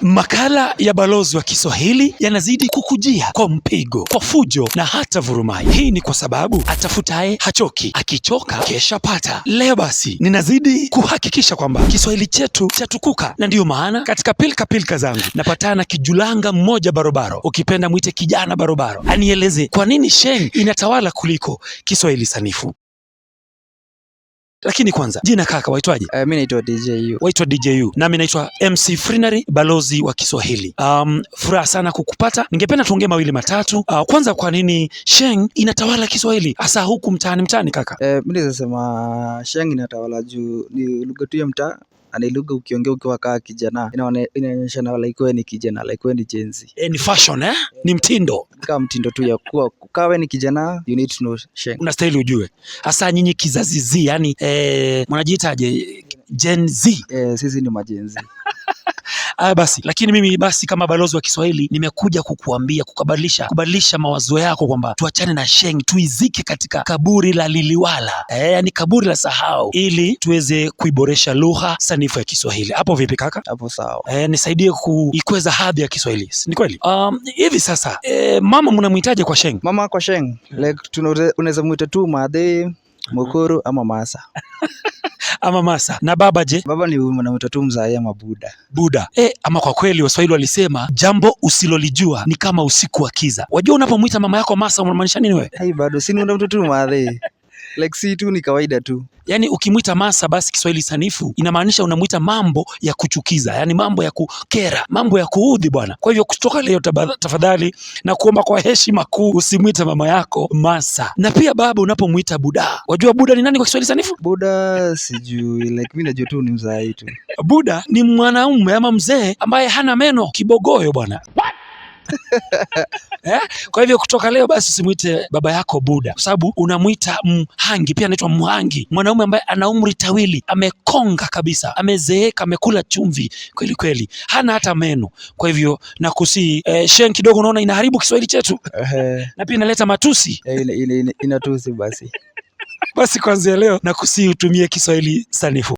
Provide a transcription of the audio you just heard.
Makala ya Balozi wa Kiswahili yanazidi kukujia kwa mpigo, kwa fujo na hata vurumai. Hii ni kwa sababu atafutaye hachoki, akichoka kesha pata. Leo basi, ninazidi kuhakikisha kwamba Kiswahili chetu chatukuka, na ndiyo maana katika pilka pilka zangu napatana kijulanga mmoja barobaro, ukipenda mwite kijana barobaro, anieleze kwa nini Sheng inatawala kuliko Kiswahili sanifu. Lakini kwanza jina kaka, waitwaje? Uh, eh, mimi naitwa DJU. Waitwa DJU. Nami naitwa MC Frinary, balozi wa Kiswahili. Um, furaha sana kukupata. Ningependa tuongee mawili matatu. Uh, kwanza kwa nini Sheng inatawala Kiswahili hasa huku mtaani mtaani kaka? Uh, eh, mimi nasema Sheng inatawala juu ni lugha tu ya mtaa na ni lugha ukiongea ukiwa kaa kijana inaonyesha na like wewe ni kijana like wewe ni Gen Z. Eh, ni fashion eh? Ni mtindo. Kama mtindo tu ya kuwa kawe ni kijana you need to know una Unastahili ujue. Hasa nyinyi kizazi yani eh, mnajiitaje Gen Z? Eh, sisi ni majenzi haya ah, basi. Lakini mimi basi kama balozi wa Kiswahili nimekuja kukuambia kukabadilisha, kubadilisha mawazo yako kwamba tuachane na Sheng, tuizike katika kaburi la liliwala, eh, yani kaburi la sahau, ili tuweze kuiboresha lugha sanifu ya Kiswahili. Hapo vipi kaka? Hapo sawa. Eh, nisaidie kuikweza hadhi ya Kiswahili, ni kweli um, hivi. sasa eh, mama mnamhitaji kwa Sheng, mama kwa Sheng like, unaweza mwita tu madhe Mukuru ama Masa ama Masa. Na baba je? Baba ni mwanamke tu mzae ama Buda. Buda. E, eh, ama kwa kweli Waswahili walisema jambo usilolijua ni kama usiku wa kiza. Wajua unapomwita mama yako Masa unamaanisha nini wewe? Hai, bado si ni mtoto tu like si tu ni kawaida tu. Yani ukimwita masa basi Kiswahili sanifu inamaanisha unamwita mambo ya kuchukiza, yani mambo ya kukera, mambo ya kuudhi bwana. Kwa hivyo kutoka leo tafadhali na kuomba kwa heshima kuu usimwite mama yako masa, na pia baba unapomwita buda. Wajua buda ni nani kwa Kiswahili sanifu? Buda sijui, like mimi najua tu ni mzaa tu. Buda ni mwanaume ama mzee ambaye hana meno, kibogoyo bwana. eh? Kwa hivyo kutoka leo basi usimwite baba yako Buda, kwa sababu unamwita mhangi, pia anaitwa mhangi, mwanaume ambaye ana umri tawili, amekonga kabisa, amezeeka, amekula chumvi kweli kweli, hana hata meno. Kwa hivyo nakusii eh, shen kidogo, unaona inaharibu Kiswahili chetu na pia inaleta matusi eh, inatusi basi basi, kuanzia leo nakusii utumie Kiswahili sanifu.